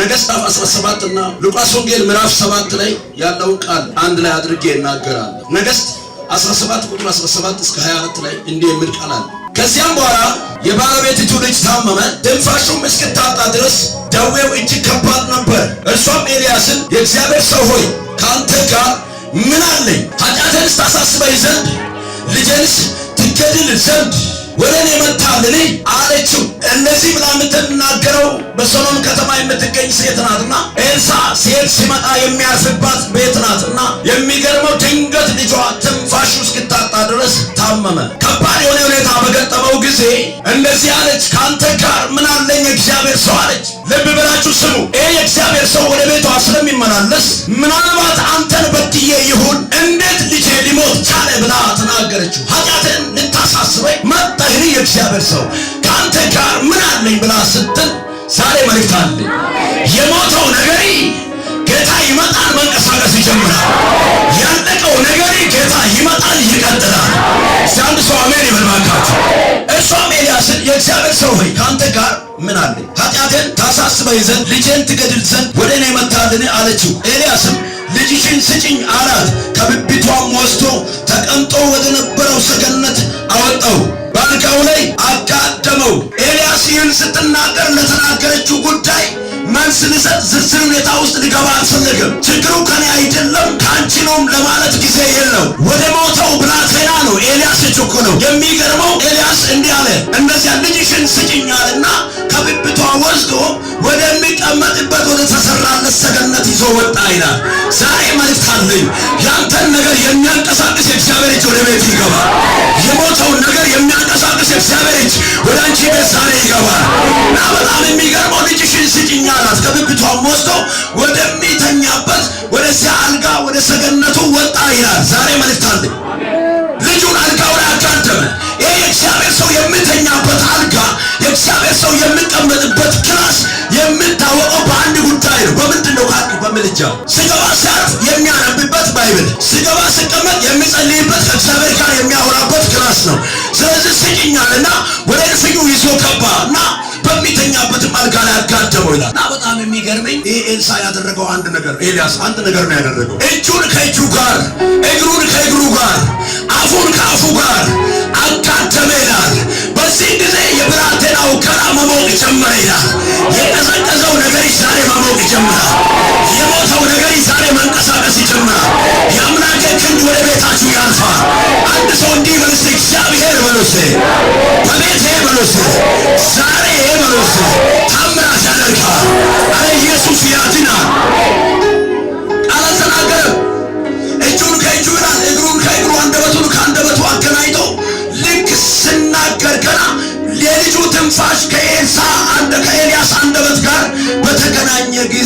ነገሥታት 17 እና ሉቃስ ወንጌል ምዕራፍ 7 ላይ ያለውን ቃል አንድ ላይ አድርጌ እናገራለሁ። ነገሥት 17 ቁጥር 17 እስከ 24 ላይ እንዲህ የሚል ቃል አለ። ከዚያም በኋላ የባለቤቲቱ ልጅ ታመመ፣ ትንፋሹም እስክታጣ ድረስ ደዌው እጅግ ከባድ ነበር። እርሷም ኤልያስን የእግዚአብሔር ሰው ሆይ ከአንተ ጋር ምን አለኝ? ኃጢአትንስ ታሳስበኝ ዘንድ ልጄንስ ትገድል ዘንድ ወደ እኔ መጥታልን? የምትናገረው በሰሎም ከተማ የምትገኝ ሴት ናትና ኤልሳ ሴት ሲመጣ የሚያርፍባት ቤት ናትና የሚገርመው ድንገት ልጇ ትንፋሹ እስክታጣ ድረስ ታመመ። ከባድ የሆነ ሁኔታ በገጠመው ጊዜ እንደዚህ አለች፣ ከአንተ ጋር ምን አለኝ እግዚአብሔር ሰው አለች። ልብ ብላችሁ ስሙ። ይህ የእግዚአብሔር ሰው ወደ ቤቷ ስለሚመላለስ ምናልባት አንተን በድዬ ይሁን እንዴት ልጄ ሊሞት ቻለ ብላ ተናገረችው። ኃጢአትን ልታሳስበኝ ይህ የእግዚአብሔር ሰው ከአንተ ጋር ምን አለኝ ብላ ስትል ዛሬ መልእክት አለ። የሞተው ነገሪ ጌታ ይመጣል፣ መንቀሳቀስ ይጀምራል። ያለቀው ነገሪ ጌታ ይመጣል፣ ይቀጥላል። አንድ ሰው አሜን ይበል ባካችሁ። እርሷም ኤልያስን የእግዚአብሔር ሰው ሆይ ከአንተ ጋር ምን አለኝ? ኃጢአትን ታሳስበኝ ዘንድ ልጄን ትገድል ዘንድ ወደ እኔ መታልን አለችው። ኤልያስም ልጅሽን ስጭኝ አላት። ከብብቷም ወስዶ ተቀምጦ ወደ ነበረው ሰገነት አወጣው፣ ባልጋው ላይ አጋደመው። ኤልያስ ይህን ስትናገር ለተናገረችው ጉዳይ መልስ ልሰጥ ዝርዝር ሁኔታ ውስጥ ሊገባ አልፈለገም። ችግሩ ከኔ አይደለም ከአንቺ ነውም ለማለት ጊዜ የለው። ወደ ሞተው ብላቴና ነው ኤልያስ የቸኮለው። የሚገርመው ኤልያስ እንዲህ አለ፣ እነዚያ ልጅሽን ስጭኝ አለና ተሰራለት ሰገነት ይዞ ወጣ ይላል። ዛሬ መልእክት አለኝ። ያንተን ነገር የሚያንቀሳቅስ የእግዚአብሔር እጅ ወደ ቤት ይገባል። የሞተውን ነገር የሚያንቀሳቅስ የእግዚአብሔር እጅ ወደ አንቺ ቤት ዛሬ ይገባል እና በጣም የሚገርመው ልጅሽን ስጭኝ አላት። ከብብቷም ወስዶ ወደሚተኛበት ወደዚያ አልጋ ወደ ሰገነቱ ወጣ ይላል። ዛሬ መልእክት አለኝ። ልጁን አልጋው ላይ አጋደመ። ይህ የእግዚአብሔር ሰው የምተኛበት አልጋ፣ የእግዚአብሔር ሰው የምቀመጥበት ክላስ ምልጃው ስገባ ሰዓት የሚያነብበት ባይብል ስገባ ስቀመጥ የሚጸልይበት ከእግዚአብሔር ጋር የሚያወራበት ክላስ ነው። ስለዚህ እና ወደ እልፍኙ ይዞ ገባ እና በሚተኛበት አልጋ ላይ አጋደመው ይላል እና በጣም የሚገርመኝ ይህ ኤልሳ ያደረገው አንድ ነገር ኤልያስ አንድ ነገር ነው ያደረገው። እጁን ከእጁ ጋር፣ እግሩን ከእግሩ ጋር፣ አፉን ከአፉ ጋር አጋደመ ይላል። ውሃው ከራ መሞቅ ጀመረ ይላል። የቀዘቀዘው ነገር ዛሬ መሞቅ ይጀምራል። የሞተው ነገር ዛሬ መንቀሳቀስ ይጀምራል። የአምላክ ክንድ ወደ ቤታችሁ ያልፋል። አንድ ሰው እንዲህ በልስ እግዚአብሔር በልስ በቤት በልስ ዛሬ በልስ ታምራት ያደርጋል።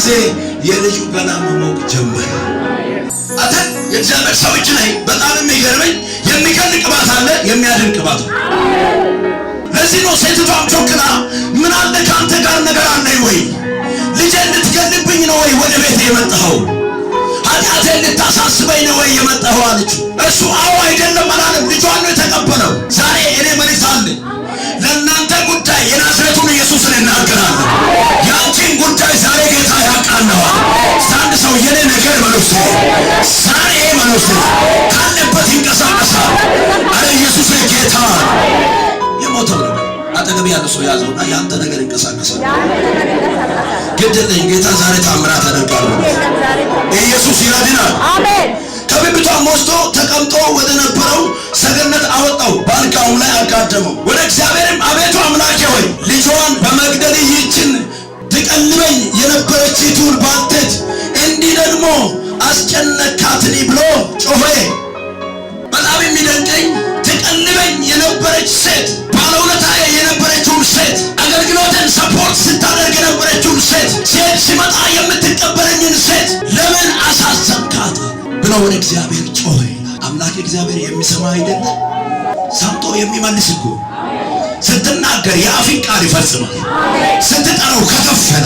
ጊዜ የልጁ ገላ መሞቅ ጀመረ። አተ የእግዚአብሔር ሰው ላይ በጣም የሚገርመኝ የሚገል ቅባት አለ፣ የሚያድን ቅባት ነው። ለዚህ ነው ሴትቷም ጮክና ምን አለ ከአንተ ጋር ነገር አለኝ ወይ? ልጄ እንድትገልብኝ ነው ወይ ወደ ቤት የመጣኸው? ኃጢአቴ እንድታሳስበኝ ነው ወይ የመጣኸው አለች። እሱ አዎ አይደለም አላለም። ልጇን ነው የተቀበለው። ዛሬ እኔ መልእክት አለ ለእናንተ ጉዳይ የናዝሬቱን ኢየሱስን እናገራለን። ያንቺን ጉዳይ ዛሬ ጌታ ያቃለዋል። አንድ ሰው የኔ ነገር መኖስ ዛሬ መኖስ ካለበት ይንቀሳቀሳል። አረ ኢየሱስ ጌታ የሞተው አጠገብ ያለ ሰው ያዘውና የአንተ ነገር ይንቀሳቀሳል። ግድልኝ ጌታ ዛሬ ታምራት ያደርጋሉ። ኢየሱስ ይረድናል። ከብብቷም ወስዶ ተቀምጦ ወደ ነበረው ሰገነት አወጣው፣ በአልጋውም ላይ አጋደመው። ወደ እግዚአብሔርም አቤቱ አምላኬ ሆይ ልጇን በመግደል ይህችን የነበረች ቱል ባልቴት እንዲህ ደግሞ አስጨነካትኒ ብሎ ጮኸ። በጣም የሚደንቀኝ ትቀልበኝ የነበረች ሴት ባለውለታዬ የነበረችውን ሴት አገልግሎትን ሰፖርት ስታደርግ የነበረችውን ሴት ሴት ሲመጣ የምትቀበለኝን ሴት ለምን አሳሰብካት ብሎ ወደ እግዚአብሔር ጮኸ። አምላክ እግዚአብሔር የሚሰማ አይደለ? ሰምቶ የሚመልስ እኮ ስትናገር የአፍን ቃል ይፈጽማል። ስትጠራው ከከፈለ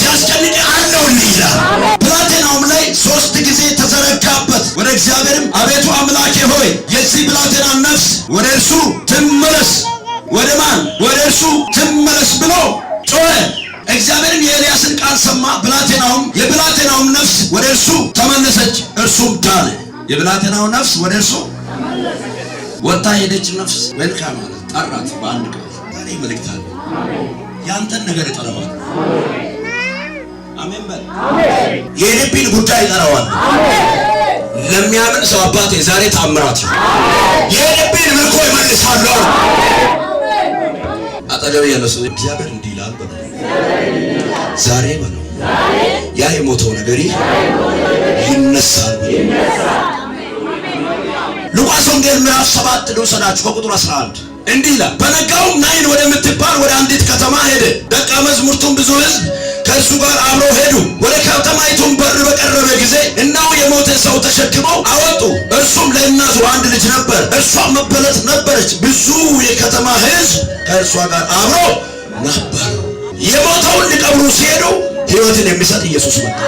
ሲያስጨንቅ አለውን ይላል። ብላቴናውም ላይ ሶስት ጊዜ ተዘረጋበት። ወደ እግዚአብሔርም አቤቱ አምላኬ ሆይ የዚህ ብላቴና ነፍስ ወደ እርሱ ትመለስ፣ ወደ ማን ወደ እርሱ ትመለስ ብሎ ጮኸ። እግዚአብሔርም የኤልያስን ቃል ሰማ። ብላቴናውም የብላቴናውም ነፍስ ወደ እርሱ ተመለሰች፣ እርሱም ዳነ። የብላቴናው ነፍስ ወደ እርሱ ወጣ ሄደች ነፍስ መልካም ማለት ጠራት በአንድ ቃል ዛሬ መልእክት አለ ያንተን ነገር ይጠራዋል አሜን በል የልብን ጉዳይ እጠራዋል ለሚያምን ሰው አባቴ ዛሬ ታምራት የልብን ምርኮ ይመልሳለሁ አጠገብ ያለ ሰው እግዚአብሔር እንዲህ ይላል በለው ዛሬ በለው ያ የሞተው ነገር ይነሳል ወንጌል ምዕራፍ ሰባት ልውሰዳችሁ ከቁጥር 11 እንዲህ ይላል። በነጋውም ናይን ወደምትባል ወደ አንዲት ከተማ ሄደ። ደቀ መዝሙርቱን ብዙ ሕዝብ ከእርሱ ጋር አብረው ሄዱ። ወደ ከተማይቱም በር በቀረበ ጊዜ እነሆ የሞተ ሰው ተሸክመው አወጡ። እርሱም ለእናቱ አንድ ልጅ ነበር፣ እርሷ መበለት ነበረች። ብዙ የከተማ ሕዝብ ከእርሷ ጋር አብሮ ነበር። የሞተውን ሊቀብሩ ሲሄዱ ሕይወትን የሚሰጥ ኢየሱስ መጣ።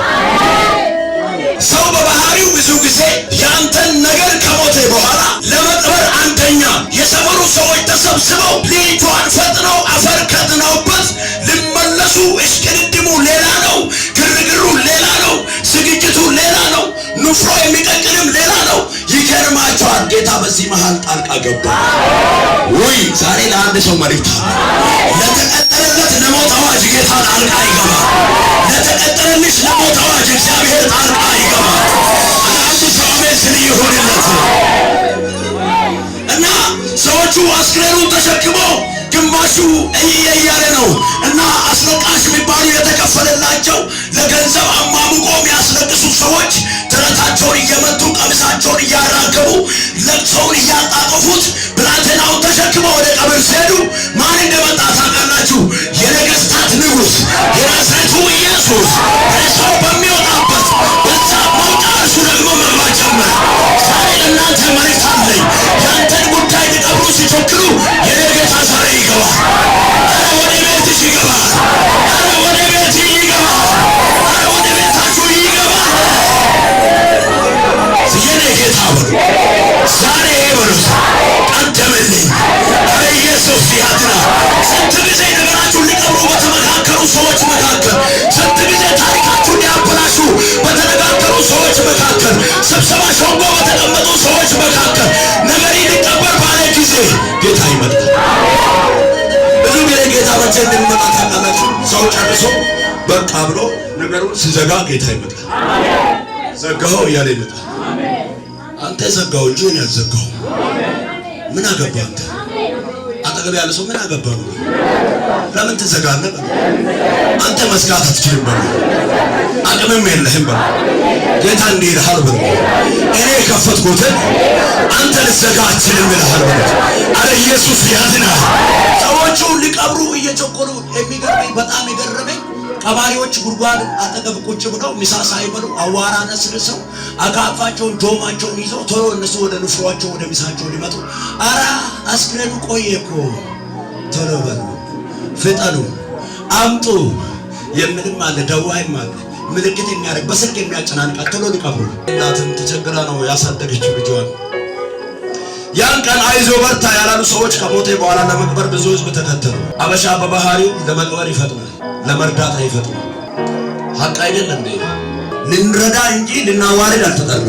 ሰው በባህል ቀሪው ብዙ ጊዜ ያንተን ነገር ከሞቴ በኋላ ለመቅበር አንደኛ የሰፈሩ ሰዎች ተሰብስበው ልጅቷን ፈጥነው አፈር ከጥነውበት ልመለሱ። እሽቅድድሙ ሌላ ነው፣ ግርግሩ ሌላ ነው፣ ዝግጅቱ ሌላ ነው፣ ንፍሮ የሚቀቅልም ሌላ ነው። ይገርማቸዋል። ጌታ በዚህ መሃል ጣልቃ ገባ። ውይ ዛሬ ለአንድ ሰው መልእክት አዋጅ ጌታ ጣልቃ ይገባ። ለተቀጠረልሽ ለሞት አዋጅ እግዚአብሔር ጣልቃ ይገባ። አንድ ሰው ይሁንለት እና ሰዎቹ አስክሬኑን ተሸክመው ግማሹ እየ እያለ ነው እና አስለቃሽ የሚባሉ የተከፈለላቸው ለገንዘብ አሟሙቆ የሚያስለቅሱ ሰዎች ደረታቸውን እየመቱ ቀሚሳቸውን እያራገቡ ለቅሶውን እያጣጠፉት ብላቴናውን ተሸክመው ወደ ቀብር ሲሄዱ ማን እንደመጣ Jesus. Aleluia. ዘንድ የሚመጣ ታውቃላችሁ። ሰው ጨርሶ በቃ ብሎ ነገሩን ሲዘጋ ጌታ ይመጣል። ዘጋኸው እያለ ይመጣል። አንተ ዘጋው እንጂ እኔ አልዘጋሁም። ምን አገባ አንተ አጠገብ ያለ ሰው ምን አገባ ነው? ለምን ትዘጋለህ? አንተ መዝጋት አትችልም በለው። አቅምም የለህም በለው። ጌታ እንዲህ ይልሃል በለው። እኔ የከፈትኩትን አንተ ልዘጋ አትችልም ይልሃል በለው። አረ ኢየሱስ ያድናል። ሰዎቹ ሊቀብሩ እየቸኮሉ የሚገርመኝ በጣም የገረመኝ ቀባሪዎች ጉድጓድ አጠገብ ቁጭ ብለው ምሳ ሳይበሉ አዋራ ነስንሰው አካፋቸውን ዶማቸውን ይዘው ቶሎ እነሱ ወደ ንፍሯቸው ወደ ምሳቸው ሊመጡ፣ አራ አስክሬኑ ቆየ እኮ ቶሎ በሉ ፍጠኑ አምጡ የምልም አለ ደዋይም አለ ምልክት የሚያደርግ በስልክ የሚያጨናንቃት ቶሎ ሊቀብሩ። እናትም ተቸግራ ነው ያሳደገችው ልጇን። ያን ቀን አይዞ በርታ ያላሉ ሰዎች ከሞቴ በኋላ ለመቅበር ብዙ ህዝብ ተከተሉ። አበሻ በባህሪው ለመቅበር ይፈጥናል። ለመርዳት አይፈጥም። ሀቅ አይደለም። እንዴ? ልንረዳ እንጂ ልናዋርድ አልተጠራም።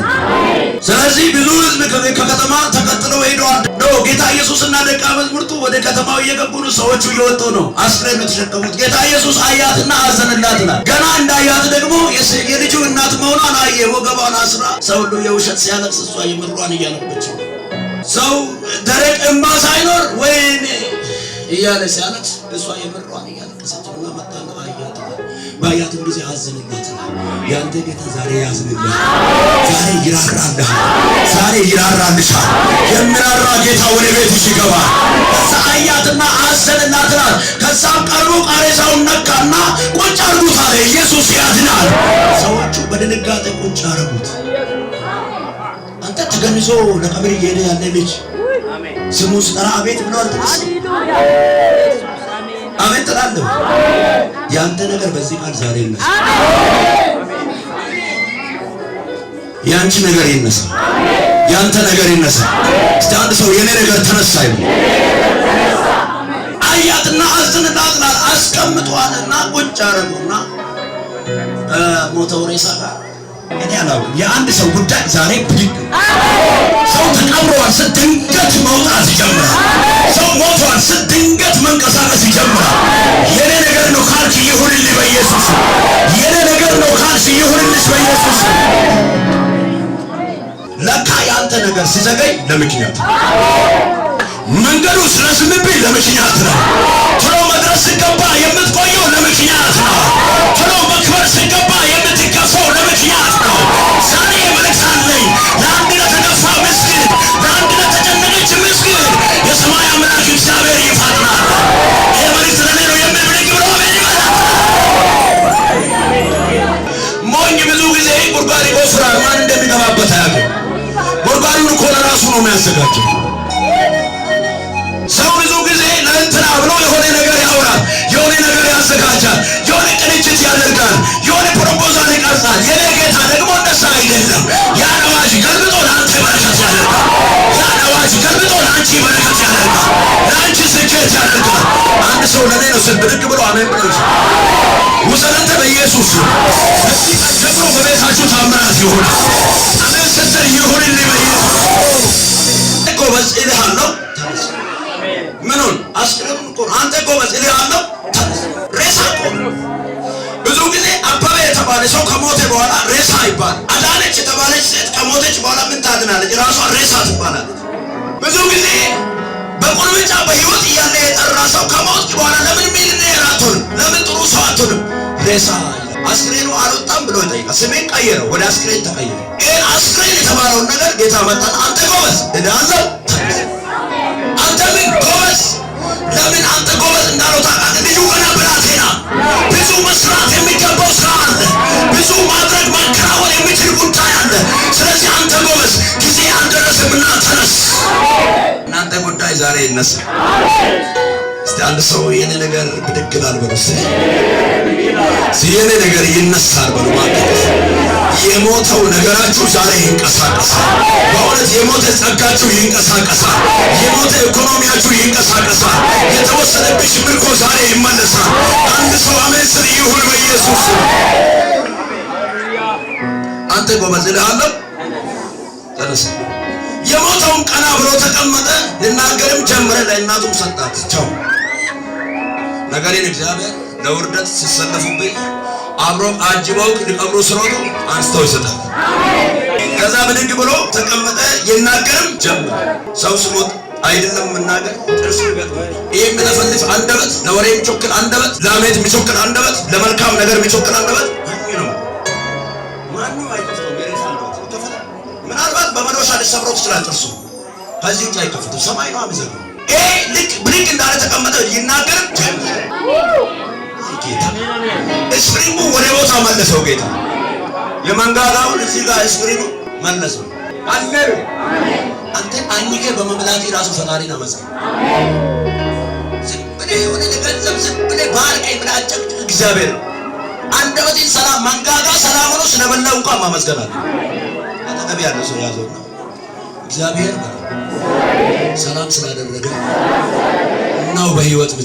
ስለዚህ ብዙ ህዝብ ከከተማ ተቀጥለው ሄደዋል። ጌታ ኢየሱስና ደቀ መዝሙርቱ ወደ ከተማው እየገቡ ነው። ሰዎቹ እየወጡ ነው። አስረን የተሸከሙት ጌታ ኢየሱስ አያትና አዘንላት ናል። ገና እንዳያት ደግሞ የልጁ እናት መሆኗን አየ። ወገቧን አስራ ሰው ሁሉ የውሸት ሲያለቅስ እሷ የምሯን ነው። ሰው ደረቅ እንባ ሳይኖር ወይኔ እያለ ሲያለቅስ እሷ የምሯን እያለቅሰች ባያትም ጊዜ አዘንባት። ያንተ ጌታ ዛሬ ያዝንባት፣ ዛሬ ይራራልሃል፣ ዛሬ ይራራልሻል። የሚራራ ጌታ ወደ ቤትሽ ይገባል። ከዛ አያትና አዘንላት ናት። ከዛም ቀርቦ ቃሬዛውን ነካና ቁጭ አርጉት አለ። ኢየሱስ ያድናል። ሰዎቹ በድንጋጤ ቁጭ አረጉት። አንተ ተገንዞ ለቀብር እየሄደ ያለ ልጅ ስሙ ስጠራ ቤት ብለዋል። አልተነሳ አሜን ትላለህ። ያንተ ነገር በዚህ ቃል ዛሬ ይነሳ። ያንቺ ነገር ይነሳ። ያንተ ነገር ይነሳ። እስቲ አንድ ሰው የኔ ነገር ተነሳ ይሁን። አያትና አስንላጥላል አስቀምጧልና ቁጭ አረጉና ሞተው ሬሳ ጋር እኔ አላውቅም። የአንድ ሰው ጉዳይ ዛሬ ቢግ ሰው ተቀብሯል ስድንገት መውጣት ይጀምራል። ሰው ሞቷል ስድንገት መንቀሳቀስ ይጀምራል። የኔ ነገር ነው ካልሽ ይሁንልሽ በኢየሱስ የኔ ነገር ነው ካልሽ ይሁንልሽ በኢየሱስ ለካ የአንተ ነገር ሲዘገይ ለምክንያት መንገዱ ስለስምብኝ ለምክንያት ነው። ቶሎ መድረስ ስገባ የምትቆየው ለምክንያት ነው። ቶሎ መክበር ስገባ የምትከፈው ለምክንያት ዛሬ መልእክታለኝ ለአንድ ለተገፋ ምስኪን፣ ለአንድ ለተጨነቀች ብዙ ጊዜ ጉድጓድ ይቆፍራል፣ ማን እንደሚገባበት አያውቅም። ጉድጓዱን እኮ ለራሱ ነው የሚያዘጋጀው። አንድ ሰው ለኔ ነው ስል ብድግ ብሎ አሜን ብሎ ውሰረተ በኢየሱስ እዚህ ቀን ጀምሮ በቤታችሁ ታምራት ይሆናል። አሜን ስትል ይሁንልኝ በኢየሱስ ጎበዝ እልሃለሁ። ምኑን አስቀምጥ እኮ አንተ ጎበዝ እልሃለሁ። ሬሳ እኮ ብዙ ጊዜ አበበ የተባለ ሰው ከሞተ በኋላ ሬሳ ይባላል። አዳነች የተባለች ሴት ከሞተች በኋላ ምን ታድናለች? ራሷ ሬሳ ትባላለች። ብዙ ጊዜ በቁልምጫ በህይወት እያለ የጠራ ሰው ከሞት በኋላ ለምን ሚሊዮኔር አትሆንም? ለምን ጥሩ ሰው አትሆንም? ሬሳ አስክሬኑ አልወጣም ብሎ ይጠይቃል። ስሜን ቀየረው፣ ወደ አስክሬን ተቀየረ። ይህ አስክሬን የተባለውን ነገር ጌታ መጣን። አንተ ጎበዝ እዳለው አንተ ምን ጎበዝ ለምን አንተ ጎበዝ እንዳለው ታውቃለህ ዛሬ ይነሳ። እስቲ አንድ ሰው የኔ ነገር ብድግ ይላል የኔ ነገር ይነሳል በሉ። የሞተው ነገራችሁ ዛሬ ይንቀሳቀሳል። በእውነት የሞተ ጸጋችሁ ይንቀሳቀሳል። የሞተ ኢኮኖሚያችሁ ይንቀሳቀሳል። የተወሰደብሽ ምርኮ ዛሬ ይመለሳል። አንድ ሰው አሜን ስል ይሁን በኢየሱስ አንተ ጎበዝ ልሃለሁ። ተነሳ የሞተውን ቀና ብሎ ተቀመጠ። ልናገርም ጀምረ ለእናቱም ሰጣት ቸው ግን እግዚአብሔር ለውርደት ሲሰለፉብኝ አብሮ አጅበው ሊቀብሩ ስሮጡ አንስተው ይሰጣል። ከዛ ብድግ ብሎ ተቀመጠ። ይናገርም ጀምረ ሰው ስሞት አይደለም የምናገር ጥርስ ይገጥም። ይህ የሚለፈልፍ አንደበት፣ ለወሬ የሚቾክል አንደበት፣ ለአሜት የሚቾክል አንደበት፣ ለመልካም ነገር የሚቾክል አንደበት በመዶሻ ሊሰብረው ትችላል ጥርሱ። ከዚህ ውጭ አይከፍትም። ሰማይ ነው አመዘግ ይሄ ልክ ብድግ እንዳለ ተቀመጠ ይናገር ጌታ። ስፕሪንጉ ወደ ቦታ መለሰው ጌታ። የመንጋጋውን እዚህ ጋር ስፕሪንጉ መለሰው። አለ አንተ አኝከ በመብላት ራሱ ፈጣሪን አመዘግ የሆነ ገንዘብ ዝም ብለህ ባህር ቀይ ብለህ እግዚአብሔር አንደበቴን ሰላም መንጋጋ ሰላም ሆኖ ስለበላው እንኳን ማመስገን አጠገብ ያለ ሰው ያዘው ነው እግዚአብሔር ሰላም ስላደረገ ነው በህይወት